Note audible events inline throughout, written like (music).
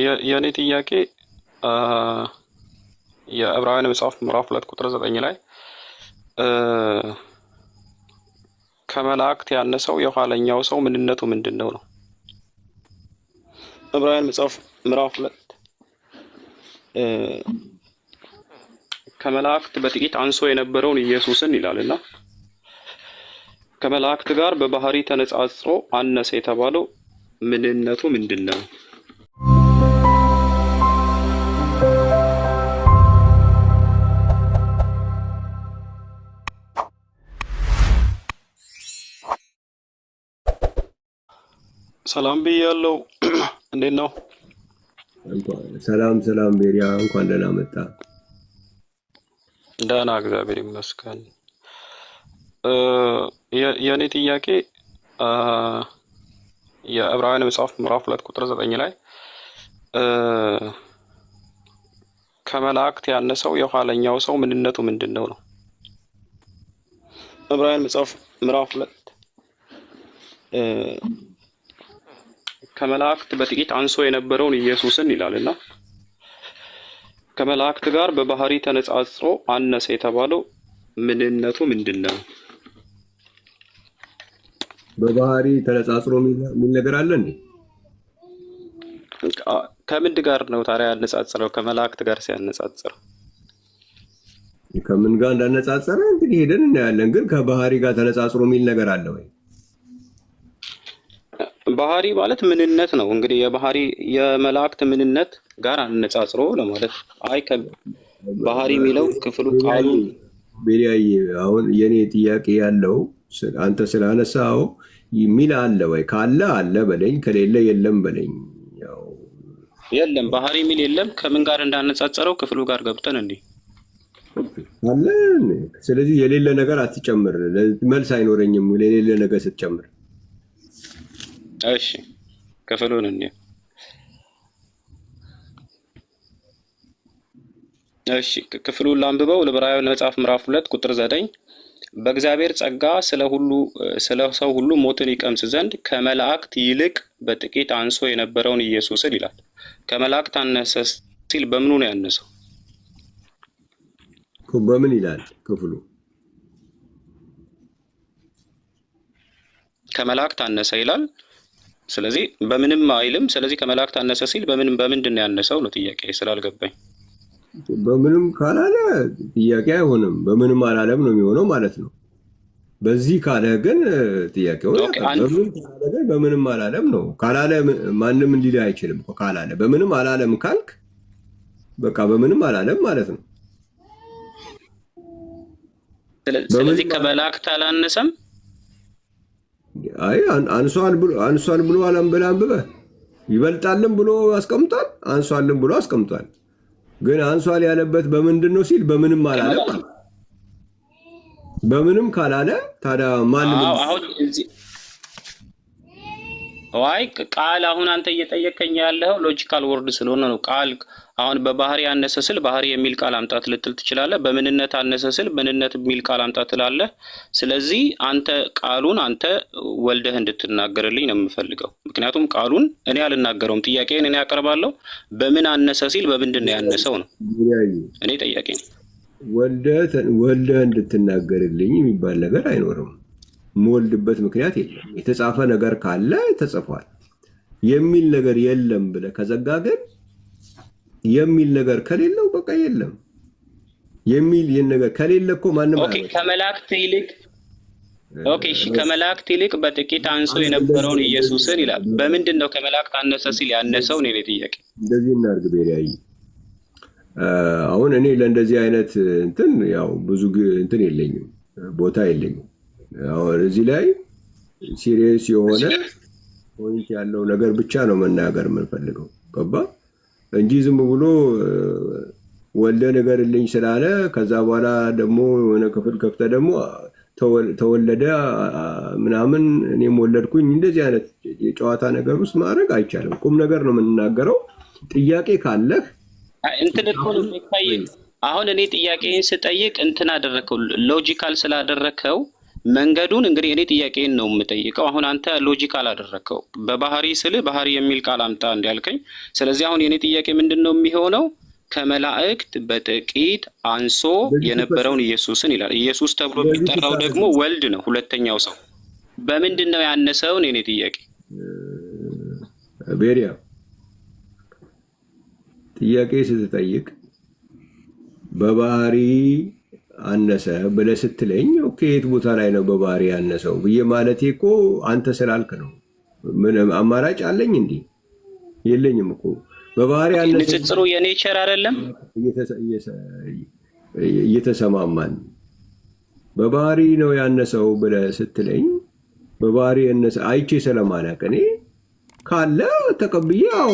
የእኔ ጥያቄ የዕብራውያን መጽሐፍ ምዕራፍ ሁለት ቁጥር ዘጠኝ ላይ ከመላእክት ያነሰው የኋለኛው ሰው ምንነቱ ምንድን ነው ነው። ዕብራውያን መጽሐፍ ምዕራፍ ሁለት ከመላእክት በጥቂት አንሶ የነበረውን ኢየሱስን ይላልና ከመላእክት ጋር በባህሪ ተነጻጽሮ አነሰ የተባለው ምንነቱ ምንድን ነው? ሰላም ብያለው። (clears throat) እንዴት ነው? ሰላም ሰላም። ቤሪያ እንኳን ደህና መጣ። ደህና እግዚአብሔር ይመስገን። የእኔ ጥያቄ የዕብራውያን መጽሐፍ ምዕራፍ ሁለት ቁጥር ዘጠኝ ላይ ከመላእክት ያነሰው የኋለኛው ሰው ምንነቱ ምንድን ነው ነው። ዕብራውያን መጽሐፍ ምዕራፍ ሁለት ከመላእክት በጥቂት አንሶ የነበረውን ኢየሱስን ይላልና ከመላእክት ጋር በባህሪ ተነጻጽሮ አነሰ የተባለው ምንነቱ ምንድን ነው? በባህሪ ተነጻጽሮ የሚል ነገር አለ እንዴ? ከምንድ ጋር ነው ታዲያ ያነጻጽረው? ከመላእክት ጋር ሲያነጻጽረው ከምን ጋር እንዳነጻጸረ እንግዲህ ሄደን እናያለን። ግን ከባህሪ ጋር ተነጻጽሮ የሚል ነገር አለ ወይ? ባህሪ ማለት ምንነት ነው። እንግዲህ የባህሪ የመላእክት ምንነት ጋር አነጻጽሮ ለማለት አይ ባህሪ የሚለው ክፍሉ ቃሉ ቤሪያዬ አሁን የኔ ጥያቄ ያለው አንተ ስላነሳው የሚል አለ ወይ? ካለ አለ በለኝ፣ ከሌለ የለም በለኝ። የለም ባህሪ የሚል የለም። ከምን ጋር እንዳነጻጸረው ክፍሉ ጋር ገብተን እንዲህ አለ። ስለዚህ የሌለ ነገር አትጨምር፣ መልስ አይኖረኝም የሌለ ነገር ስትጨምር እሺ ክፍሉን እንዴ እሺ ክፍሉን ላንብበው። ለዕብራውያን መጽሐፍ ምዕራፍ ሁለት ቁጥር ዘጠኝ በእግዚአብሔር ጸጋ ስለ ሁሉ ስለ ሰው ሁሉ ሞትን ይቀምስ ዘንድ ከመላእክት ይልቅ በጥቂት አንሶ የነበረውን ኢየሱስን ይላል። ከመላእክት አነሰ ሲል በምኑ ነው ያነሰው? በምን ይላል ክፍሉ? ከመላእክት አነሰ ይላል። ስለዚህ በምንም አይልም። ስለዚህ ከመላእክት አነሰ ሲል በምንም በምንድን ነው ያነሰው ነው ጥያቄ ስላልገባኝ። በምንም ካላለ ጥያቄ አይሆንም። በምንም አላለም ነው የሚሆነው ማለት ነው። በዚህ ካለ ግን ጥያቄው በምንም አላለም ነው። ካላለ ማንም እንዲል አይችልም። ካላለ በምንም አላለም ካልክ በቃ በምንም አላለም ማለት ነው። ስለዚህ ከመላእክት አላነሰም አይ አንሷን ብሎ አላንበላ አንብበ ይበልጣልም ብሎ አስቀምጧል። አንሷልም ብሎ አስቀምጧል። ግን አንሷል ያለበት በምንድን ነው ሲል በምንም አላለም። በምንም ካላለ ታዲያ ማንም አይ ቃል አሁን አንተ እየጠየቀኝ ያለው ሎጂካል ወርድ ስለሆነ ነው ቃል አሁን በባህሪ አነሰ ስል ባህሪ የሚል ቃል አምጣት ልትል ትችላለህ። በምንነት አነሰ ስል ምንነት የሚል ቃል አምጣት ትላለህ። ስለዚህ አንተ ቃሉን አንተ ወልደህ እንድትናገርልኝ ነው የምፈልገው። ምክንያቱም ቃሉን እኔ አልናገረውም፣ ጥያቄን እኔ ያቀርባለሁ። በምን አነሰ ሲል በምንድን ነው ያነሰው ነው እኔ ጥያቄ ነው። ወልደህ እንድትናገርልኝ የሚባል ነገር አይኖርም። የምወልድበት ምክንያት የለም። የተጻፈ ነገር ካለ ተጽፏል የሚል ነገር የለም ብለህ ከዘጋ ግን የሚል ነገር ከሌለው በቃ የለም የሚል ይህን ነገር ከሌለ እኮ ማንም ከመላእክት ይልቅ ኦኬ እሺ፣ ከመላእክት ይልቅ በጥቂት አንሶ የነበረውን ኢየሱስን ይላል። በምንድን ነው ከመላእክት አነሰ ሲል ያነሰው? ነው ጥያቄ እንደዚህ እናድርግ ቤሪያይ አሁን እኔ ለእንደዚህ አይነት እንትን ያው ብዙ እንትን የለኝም፣ ቦታ የለኝም። አሁን እዚህ ላይ ሲሪየስ የሆነ ፖይንት ያለው ነገር ብቻ ነው መናገር የምንፈልገው። ገባ እንጂ ዝም ብሎ ወልደ ንገርልኝ ስላለ ከዛ በኋላ ደግሞ የሆነ ክፍል ከፍተ ደግሞ ተወለደ ምናምን እኔም ወለድኩኝ እንደዚህ አይነት የጨዋታ ነገር ውስጥ ማድረግ አይቻልም። ቁም ነገር ነው የምንናገረው። ጥያቄ ካለህ እንትን እኮ ነው የሚታይ። አሁን እኔ ጥያቄህን ስጠይቅ እንትን አደረከው ሎጂካል ስላደረከው መንገዱን እንግዲህ እኔ ጥያቄን ነው የምጠይቀው። አሁን አንተ ሎጂክ አላደረግከው። በባህሪ ስል ባህሪ የሚል ቃል አምጣ እንዲያልከኝ። ስለዚህ አሁን የእኔ ጥያቄ ምንድን ነው የሚሆነው? ከመላእክት በጥቂት አንሶ የነበረውን ኢየሱስን ይላል። ኢየሱስ ተብሎ የሚጠራው ደግሞ ወልድ ነው፣ ሁለተኛው ሰው። በምንድን ነው ያነሰውን? የእኔ ጥያቄ ቤሪያ ጥያቄ ስትጠይቅ በባህሪ አነሰ ብለህ ስትለኝ ከየት ቦታ ላይ ነው በባህሪ ያነሰው ብዬ ማለቴ እኮ አንተ ስላልክ ነው። ምንም አማራጭ አለኝ እንዲ የለኝም እኮ በባህሪ ንጽጽሩ የኔቸር አይደለም እየተሰማማን በባህሪ ነው ያነሰው ብለህ ስትለኝ በባህሪ ያነሰ አይቼ ስለማላውቅ እኔ ካለ ተቀብዬ ያው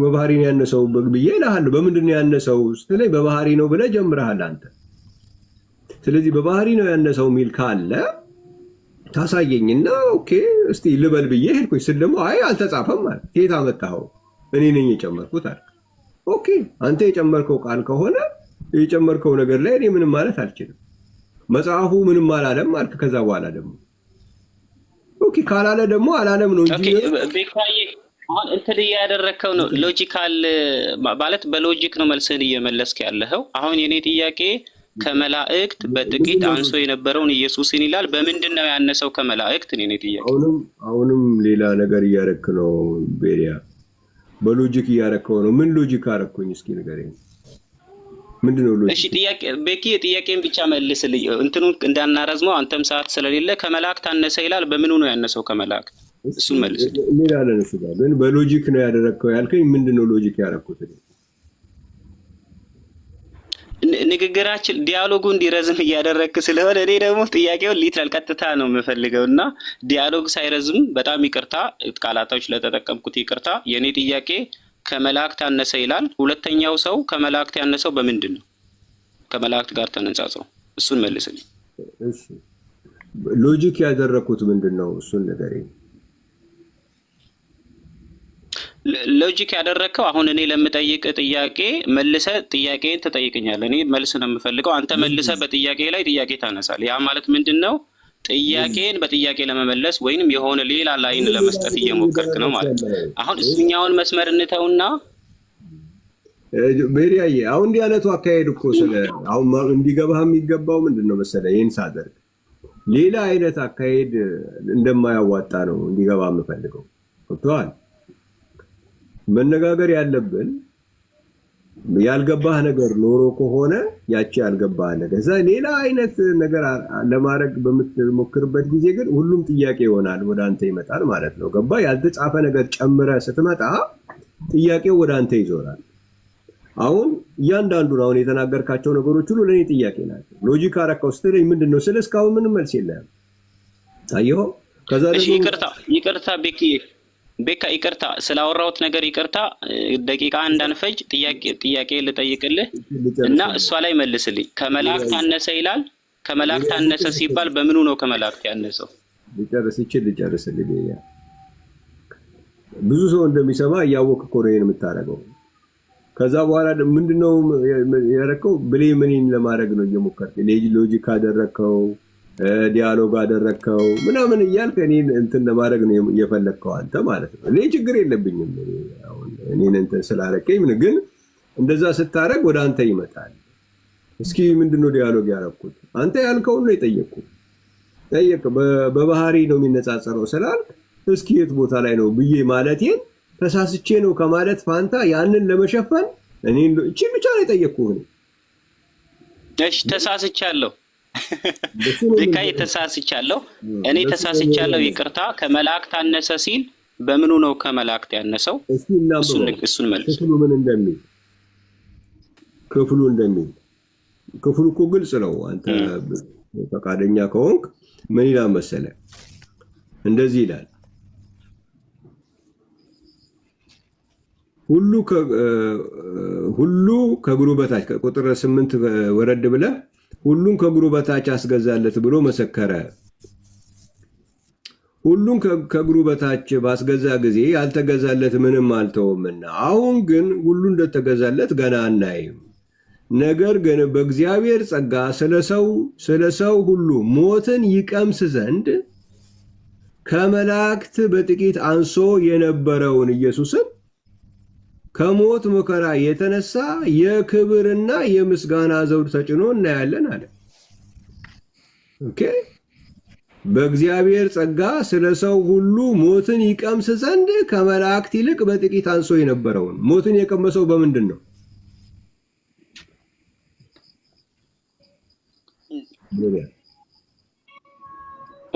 በባህሪ ነው ያነሰው ብዬ እልሃለሁ። በምንድን ነው ያነሰው ስትለኝ በባህሪ ነው ብለህ ጀምረሃል አንተ ስለዚህ በባህሪ ነው ያነሰው የሚል ካለ ታሳየኝና ኦኬ እስቲ ልበል ብዬ ሄድኩኝ ስል ደግሞ አይ አልተጻፈም አለ። የት አመጣኸው? እኔ ነኝ የጨመርኩት አለ። ኦኬ አንተ የጨመርከው ቃል ከሆነ የጨመርከው ነገር ላይ እኔ ምንም ማለት አልችልም። መጽሐፉ ምንም አላለም አልክ። ከዛ በኋላ ደግሞ ኦኬ ካላለ ደግሞ አላለም ነው እንጂ አሁን እንትን እያደረግከው ነው ሎጂካል ማለት በሎጂክ ነው መልስህን እየመለስክ ያለኸው። አሁን የኔ ጥያቄ ከመላእክት በጥቂት አንሶ የነበረውን ኢየሱስን ይላል። በምንድን ነው ያነሰው ከመላእክት? እኔ ጥያቄ አሁንም ሌላ ነገር እያረክ ነው ቤሪያ፣ በሎጂክ እያረከው ነው። ምን ሎጂክ አረኩኝ? እስኪ ንገረኝ። ምንድነው ሎጂክ? እሺ ጥያቄ ቤኪ፣ ጥያቄን ብቻ መልስልኝ፣ እንትኑ እንዳናረዝመው፣ አንተም ሰዓት ስለሌለ። ከመላእክት አነሰ ይላል። በምኑ ነው ያነሰው ከመላእክት? እሱን መልስልኝ። ሌላ ለነሱ ግን በሎጂክ ነው ያደረግከው ያልከኝ። ምንድነው ሎጂክ ያረኩት? ንግግራችን ዲያሎጉ እንዲረዝም እያደረግክ ስለሆነ እኔ ደግሞ ጥያቄውን ሊትራል ቀጥታ ነው የምፈልገው እና ዲያሎግ ሳይረዝም በጣም ይቅርታ ቃላታዎች ለተጠቀምኩት ይቅርታ። የእኔ ጥያቄ ከመላእክት ያነሰ ይላል። ሁለተኛው ሰው ከመላእክት ያነሰው በምንድን ነው? ከመላእክት ጋር ተነጻጽረው እሱን መልስልኝ። ሎጂክ ያደረግኩት ምንድን ነው? እሱን ነገር ሎጂክ ያደረግከው አሁን እኔ ለምጠይቅ ጥያቄ መልሰ ጥያቄን ትጠይቅኛለህ። እኔ መልስ ነው የምፈልገው፣ አንተ መልሰ በጥያቄ ላይ ጥያቄ ታነሳል። ያ ማለት ምንድን ነው? ጥያቄን በጥያቄ ለመመለስ ወይንም የሆነ ሌላ ላይን ለመስጠት እየሞከርክ ነው ማለት ነው። አሁን እሱኛውን መስመር እንተውና ቤሪያዬ፣ አሁን እንዲህ አይነቱ አካሄድ እኮ ስለ አሁን እንዲገባህ የሚገባው ምንድን ነው መሰለህ ይህን ሳደርግ ሌላ አይነት አካሄድ እንደማያዋጣ ነው እንዲገባ የምፈልገው ብተዋል መነጋገር ያለብን ያልገባህ ነገር ኖሮ ከሆነ ያቺ ያልገባህ ነገር እዛ ሌላ አይነት ነገር ለማድረግ በምትሞክርበት ጊዜ ግን ሁሉም ጥያቄ ይሆናል፣ ወደ አንተ ይመጣል ማለት ነው። ገባ? ያልተጻፈ ነገር ጨምረ ስትመጣ ጥያቄው ወደ አንተ ይዞራል። አሁን እያንዳንዱን አሁን የተናገርካቸው ነገሮች ሁሉ ለእኔ ጥያቄ ናቸው። ሎጂክ አረካው ስትለኝ ምንድን ነው ስለ እስካሁን ምንም መልስ የለም። አየኸው? ከዛ ይቅርታ ቤኪ ቤካ ይቅርታ ስላወራሁት ነገር ይቅርታ። ደቂቃ እንዳንፈጅ ጥያቄ ጥያቄ ልጠይቅልህ እና እሷ ላይ መልስልኝ። ከመላእክት አነሰ ይላል። ከመላእክት አነሰ ሲባል በምኑ ነው ከመላእክት ያነሰው? ሊጨርስ ይችል ሊጨርስልኝ። ብዙ ሰው እንደሚሰማ እያወቅህ እኮ ነው ይሄን የምታደርገው። ከዛ በኋላ ምንድነው ያደረከው? ብሌምኔን ለማድረግ ነው እየሞከርክ ሎጂክ ካደረከው ዲያሎግ አደረግከው ምናምን እያልክ እኔን እንትን ለማድረግ ነው እየፈለግከው አንተ ማለት ነው። እኔ ችግር የለብኝም። እኔን እንትን ስላረከኝ ምን ግን እንደዛ ስታደረግ ወደ አንተ ይመጣል። እስኪ ምንድነው ዲያሎግ ያረኩት? አንተ ያልከውን ነው የጠየቅኩት። ጠየቅ በባህሪ ነው የሚነጻጸረው ስላልክ እስኪ የት ቦታ ላይ ነው ብዬ ማለቴን ተሳስቼ ነው ከማለት ፋንታ ያንን ለመሸፈን እኔ እቺ ብቻ ነው የጠየቅኩህ። ተሳስቻለሁ ዚካ ተሳስቻለሁ፣ እኔ ተሳስቻለሁ፣ ይቅርታ። ከመላእክት አነሰ ሲል በምኑ ነው ከመላእክት ያነሰው? እሱን መልስ። ክፍሉ ምን እንደሚል ክፍሉ እንደሚል ክፍሉ እኮ ግልጽ ነው። አንተ ፈቃደኛ ከሆንክ ምን ይላል መሰለ፣ እንደዚህ ይላል ሁሉ ሁሉ ከእግሩ በታች ከቁጥር ስምንት ወረድ ብለህ ሁሉን ከእግሩ በታች አስገዛለት ብሎ መሰከረ። ሁሉን ከእግሩ በታች ባስገዛ ጊዜ ያልተገዛለት ምንም አልተውምና፣ አሁን ግን ሁሉ እንደተገዛለት ገና አናይም። ነገር ግን በእግዚአብሔር ጸጋ ስለ ሰው ሁሉ ሞትን ይቀምስ ዘንድ ከመላእክት በጥቂት አንሶ የነበረውን ኢየሱስን ከሞት መከራ የተነሳ የክብርና የምስጋና ዘውድ ተጭኖ እናያለን አለ። ኦኬ በእግዚአብሔር ጸጋ ስለ ሰው ሁሉ ሞትን ይቀምስ ዘንድ ከመላእክት ይልቅ በጥቂት አንሶ የነበረውን ሞትን የቀመሰው በምንድን ነው?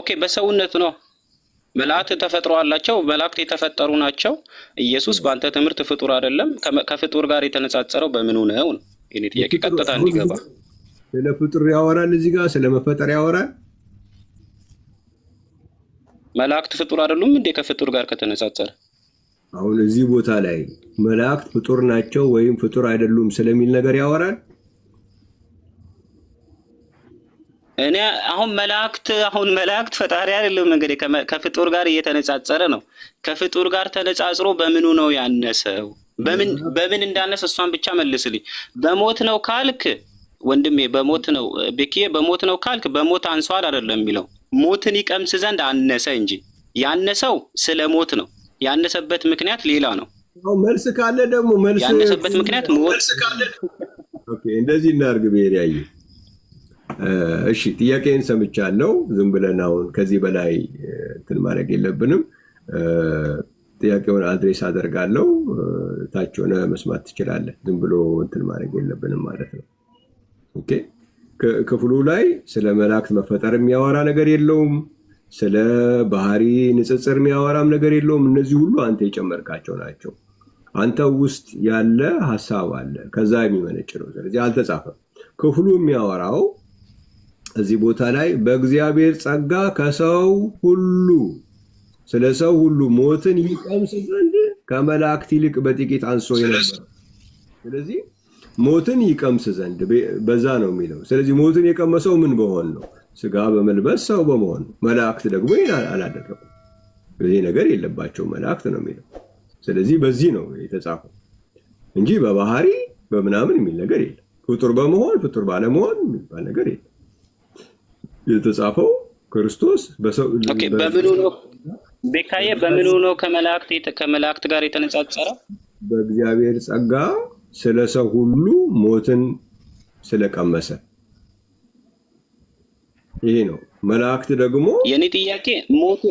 ኦኬ በሰውነቱ ነው። መላእክት ተፈጥሮ አላቸው። መላእክት የተፈጠሩ ናቸው። ኢየሱስ በአንተ ትምህርት ፍጡር አይደለም። ከፍጡር ጋር የተነጻጸረው በምኑ ነው? የእኔ ጥያቄ ቀጥታ እንዲገባ። ስለ ፍጡር ያወራል እዚህ ጋር ስለ መፈጠር ያወራል። መላእክት ፍጡር አይደሉም እንዴ? ከፍጡር ጋር ከተነጻጸረ አሁን እዚህ ቦታ ላይ መላእክት ፍጡር ናቸው ወይም ፍጡር አይደሉም ስለሚል ነገር ያወራል። እኔ አሁን መላእክት አሁን መላእክት ፈጣሪ አይደለም። እንግዲህ ከፍጡር ጋር እየተነጻጸረ ነው። ከፍጡር ጋር ተነጻጽሮ በምኑ ነው ያነሰው? በምን በምን እንዳነሰ እሷን ብቻ መልስልኝ። በሞት ነው ካልክ ወንድሜ በሞት ነው ብኬ፣ በሞት ነው ካልክ በሞት አንሷል አይደለም የሚለው ሞትን ይቀምስ ዘንድ አነሰ እንጂ ያነሰው ስለ ሞት ነው። ያነሰበት ምክንያት ሌላ ነው። መልስ ካለ ደግሞ መልስ ያነሰበት ምክንያት ሞት። (laughs) እንደዚህ እናርግ ብሄር ያየ እሺ ጥያቄን ሰምቻለሁ። ዝም ብለን አሁን ከዚህ በላይ እንትን ማድረግ የለብንም። ጥያቄውን አድሬስ አደርጋለሁ። ታች ሆነ መስማት ትችላለህ። ዝም ብሎ እንትን ማድረግ የለብንም ማለት ነው። ኦኬ ክፍሉ ላይ ስለ መላእክት መፈጠር የሚያወራ ነገር የለውም። ስለ ባህሪ ንጽጽር የሚያወራም ነገር የለውም። እነዚህ ሁሉ አንተ የጨመርካቸው ናቸው። አንተ ውስጥ ያለ ሀሳብ አለ፣ ከዛ የሚመነጭ ነው። ስለዚህ አልተጻፈም። ክፍሉ የሚያወራው እዚህ ቦታ ላይ በእግዚአብሔር ጸጋ ከሰው ሁሉ ስለ ሰው ሁሉ ሞትን ይቀምስ ዘንድ ከመላእክት ይልቅ በጥቂት አንሶ ነበር። ስለዚህ ሞትን ይቀምስ ዘንድ በዛ ነው የሚለው። ስለዚህ ሞትን የቀመሰው ምን በሆን ነው? ስጋ በመልበስ ሰው በመሆን መላእክት ደግሞ አላደረጉ። ይህ ነገር የለባቸው መላእክት ነው የሚለው። ስለዚህ በዚህ ነው የተጻፈው እንጂ በባህሪ በምናምን የሚል ነገር የለም። ፍጡር በመሆን ፍጡር ባለመሆን የሚባል ነገር የለም። የተጻፈው ክርስቶስ በምኑ ነው ቤካዬ፣ ከመላእክት ጋር የተነጻጸረ በእግዚአብሔር ጸጋ ስለ ሰው ሁሉ ሞትን ስለቀመሰ ይሄ ነው። መላእክት ደግሞ የኔ ጥያቄ ሞቱ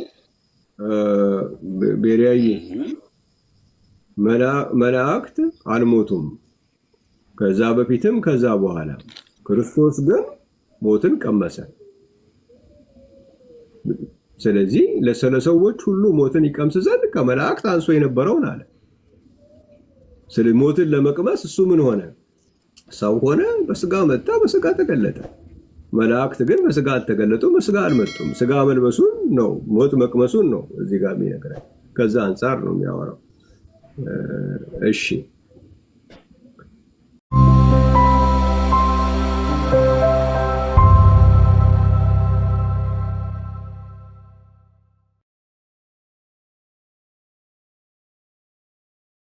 ቤሪያዬ፣ መላእክት አልሞቱም፣ ከዛ በፊትም ከዛ በኋላ። ክርስቶስ ግን ሞትን ቀመሰ። ስለዚህ ሰዎች ሁሉ ሞትን ይቀምስ ዘንድ ከመላእክት አንሶ የነበረውን አለ። ስለዚህ ሞትን ለመቅመስ እሱ ምን ሆነ? ሰው ሆነ፣ በስጋ መጣ፣ በስጋ ተገለጠ። መላእክት ግን በስጋ አልተገለጡ፣ በስጋ አልመጡም። ስጋ መልበሱን ነው፣ ሞት መቅመሱን ነው እዚህ ጋር የሚነግረን። ከዛ አንጻር ነው የሚያወራው። እሺ